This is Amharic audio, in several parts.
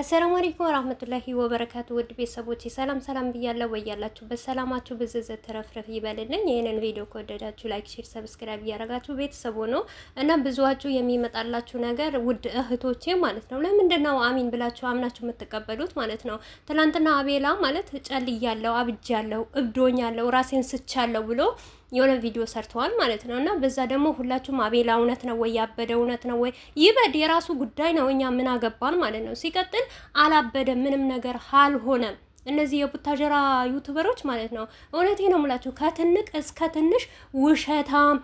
አሰላሙ አለይኩም ወራህመቱላሂ ወበረካቱ ውድ ቤተሰቦች ሰላም ሰላም ብያለሁ። ወያላችሁበት ሰላማችሁ ብዝዝት ተረፍረፍ ይበልልኝ። ይህንን ቪዲዮ ከወደዳችሁ ላይክ፣ ሼር፣ ሰብስክራይብ እያደረጋችሁ ቤተሰቡ ነው እና ብዙዋችሁ የሚመጣላችሁ ነገር ውድ እህቶቼ ማለት ነው ለምንድን ነው አሚን ብላችሁ አምናችሁ የምትቀበሉት ማለት ነው። ትናንትና አቤላ ማለት ጨልያለሁ፣ አብጃለሁ፣ እብዶኛለሁ፣ ራሴን ስቻለሁ ብሎ የሆነ ቪዲዮ ሰርተዋል ማለት ነው። እና በዛ ደግሞ ሁላችሁም አቤላ እውነት ነው ወይ ያበደ እውነት ነው ወይ ይበድ የራሱ ጉዳይ ነው፣ እኛ ምን አገባን ማለት ነው። ሲቀጥል አላበደ ምንም ነገር አልሆነም። እነዚህ የቡታጀራ ዩቱበሮች ማለት ነው። እውነቴ ነው የምላችሁ ከትንቅ እስከ ትንሽ ውሸታም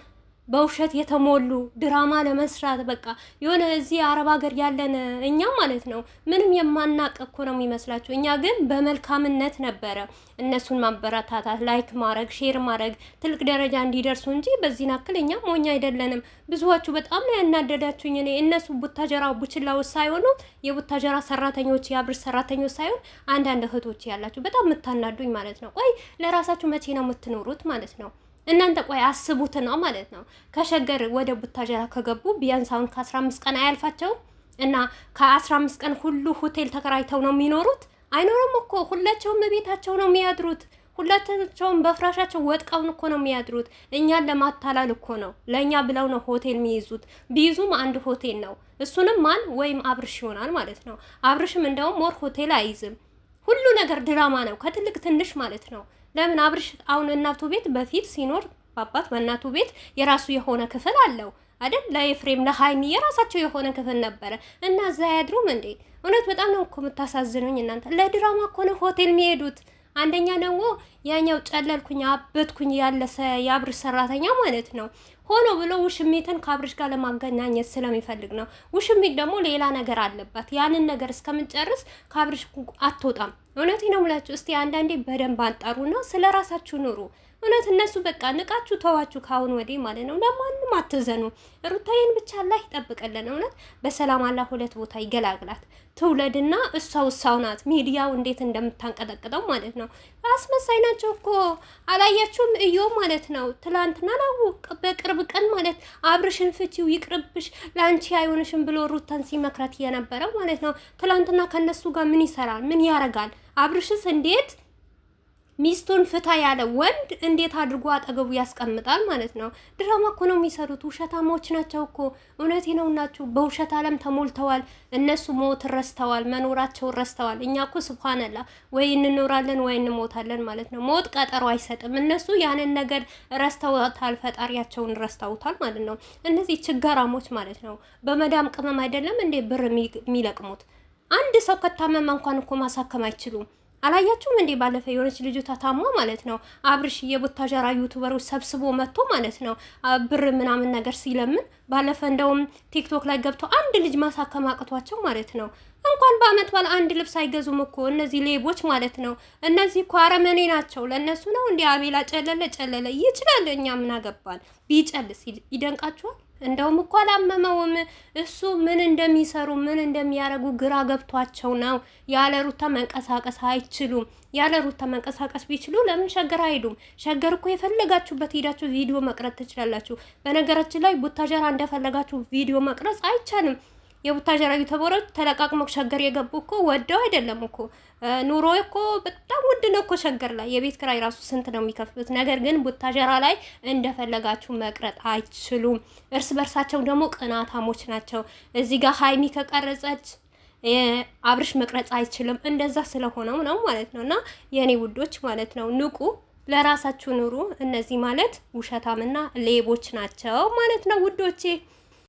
በውሸት የተሞሉ ድራማ ለመስራት በቃ የሆነ እዚህ አረብ ሀገር ያለን እኛ ማለት ነው ምንም የማናቅ እኮ ነው የሚመስላቸው። እኛ ግን በመልካምነት ነበረ እነሱን ማበረታታት፣ ላይክ ማድረግ፣ ሼር ማድረግ ትልቅ ደረጃ እንዲደርሱ እንጂ በዚህ ናክል እኛ ሞኝ አይደለንም። ብዙዎቹ በጣም ነው ያናደዳችሁኝ። እኔ እነሱ ቡታጀራ ቡችላዎች ሳይሆኑ የቡታጀራ ሰራተኞች፣ የአብር ሰራተኞች ሳይሆን አንዳንድ እህቶች ያላችሁ በጣም የምታናዱኝ ማለት ነው። ቆይ ለራሳችሁ መቼ ነው የምትኖሩት ማለት ነው? እናንተ ቆይ አስቡት ነው ማለት ነው። ከሸገር ወደ ቡታጀራ ከገቡ ቢያንስ አሁን ከአስራ አምስት ቀን አያልፋቸውም እና ከአስራ አምስት ቀን ሁሉ ሆቴል ተከራይተው ነው የሚኖሩት። አይኖርም እኮ ሁላቸውም ቤታቸው ነው የሚያድሩት። ሁላቸውም በፍራሻቸው ወጥቀውን እኮ ነው የሚያድሩት። እኛን ለማታላል እኮ ነው፣ ለእኛ ብለው ነው ሆቴል የሚይዙት። ቢይዙም አንድ ሆቴል ነው። እሱንም ማን ወይም አብርሽ ይሆናል ማለት ነው። አብርሽም እንደውም ሞር ሆቴል አይይዝም ሁሉ ነገር ድራማ ነው፣ ከትልቅ ትንሽ ማለት ነው። ለምን አብርሽ አሁን እናቱ ቤት በፊት ሲኖር በአባት በእናቱ ቤት የራሱ የሆነ ክፍል አለው አይደል? ለኤፍሬም ለሀይሚ የራሳቸው የሆነ ክፍል ነበረ እና እዛ አያድሩም እንዴ? እውነት በጣም ነው እኮ የምታሳዝኑኝ እናንተ። ለድራማ እኮ ነው ሆቴል የሚሄዱት። አንደኛ ደግሞ ያኛው ጨለልኩኝ አበትኩኝ ያለ የአብርሽ ሰራተኛ ማለት ነው ሆኖ ብሎ ውሽሚትን ከአብርሽ ጋር ለማገናኘት ስለሚፈልግ ነው። ውሽሚት ደግሞ ሌላ ነገር አለባት። ያንን ነገር እስከምንጨርስ ከአብርሽ አትወጣም። እውነት ነው ምላችሁ። እስቲ አንዳንዴ በደንብ ነው ስለ ራሳችሁ ኑሩ። እውነት እነሱ በቃ ንቃችሁ ተዋችሁ ከአሁን ወዲህ ማለት ነው። ለማንም አትዘኑ። ሩታዬን ብቻ አላህ ይጠብቅልን። እውነት በሰላም አላህ ሁለት ቦታ ይገላግላት። ትውለድና እሳው እሷው ናት። ሚዲያው እንዴት እንደምታንቀጠቅጠው ማለት ነው። አስመሳይ ናቸው እኮ አላያችሁም? እዮ ማለት ነው ትላንትና ናው በቅርብ ቀን ማለት አብርሽን ፍቺው ይቅርብሽ፣ ለአንቺ አይሆንሽም ብሎ ሩታን ሲመክረት የነበረ ማለት ነው። ትላንትና ከነሱ ጋር ምን ይሰራል? ምን ያረጋል? አብርሽስ እንዴት ሚስቱን ፍታ ያለ ወንድ እንዴት አድርጎ አጠገቡ ያስቀምጣል ማለት ነው። ድራማ እኮ ነው የሚሰሩት። ውሸታማዎች ናቸው እኮ እውነቴ ነው ናቸው። በውሸት ዓለም ተሞልተዋል። እነሱ ሞት ረስተዋል፣ መኖራቸውን ረስተዋል። እኛ እኮ ስብሃነላ ወይ እንኖራለን ወይ እንሞታለን ማለት ነው። ሞት ቀጠሮ አይሰጥም። እነሱ ያንን ነገር ረስተውታል፣ ፈጣሪያቸውን ረስተውታል ማለት ነው። እነዚህ ችጋራሞች ማለት ነው። በመዳም ቅመም አይደለም እንዴ ብር የሚለቅሙት አንድ ሰው ከታመመ እንኳን እኮ ማሳከም አይችሉም። አላያችሁም እንዴ? ባለፈ የሆነች ልጅቷ ታማ ማለት ነው አብርሽ የቡታጀራ ዩቱበሮች ሰብስቦ መጥቶ ማለት ነው ብር ምናምን ነገር ሲለምን፣ ባለፈ እንደውም ቲክቶክ ላይ ገብቶ አንድ ልጅ ማሳከም አቅቷቸው ማለት ነው። እንኳን በአመት በዓል አንድ ልብስ አይገዙም እኮ እነዚህ ሌቦች ማለት ነው። እነዚህ እኮ አረመኔ ናቸው። ለእነሱ ነው እንዲህ አቤላ ጨለለ ጨለለ ይችላል። እኛ ምን አገባን? ቢጨልስ ይደንቃችኋል? እንደውም እኮ አላመመውም። እሱ ምን እንደሚሰሩ ምን እንደሚያደርጉ ግራ ገብቷቸው ነው። ያለ ሩታ መንቀሳቀስ አይችሉም። ያለ ሩታ መንቀሳቀስ ቢችሉ ለምን ሸገር አይሄዱም? ሸገር እኮ የፈለጋችሁበት ሄዳችሁ ቪዲዮ መቅረጽ ትችላላችሁ። በነገራችን ላይ ቡታጀራ እንደፈለጋችሁ ቪዲዮ መቅረጽ አይቻልም። የቡታጀራ ዩቱበሮች ተለቃቅመው ሸገር የገቡ እኮ ወደው አይደለም እኮ ኑሮ እኮ ውድ ነው እኮ ሸገር ላይ የቤት ክራይ ራሱ ስንት ነው የሚከፍሉት? ነገር ግን ቡታጀራ ላይ እንደፈለጋችሁ መቅረጥ አይችሉም። እርስ በርሳቸው ደግሞ ቅናታሞች ናቸው። እዚህ ጋር ሀይሚ ከቀረጸች አብርሽ መቅረጽ አይችልም። እንደዛ ስለሆነው ነው ማለት ነው። እና የእኔ ውዶች ማለት ነው ንቁ ለራሳችሁ ኑሩ። እነዚህ ማለት ውሸታምና ሌቦች ናቸው ማለት ነው ውዶቼ።